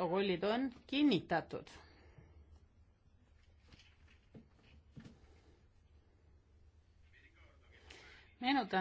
protokollid on kinnitatud. meenutan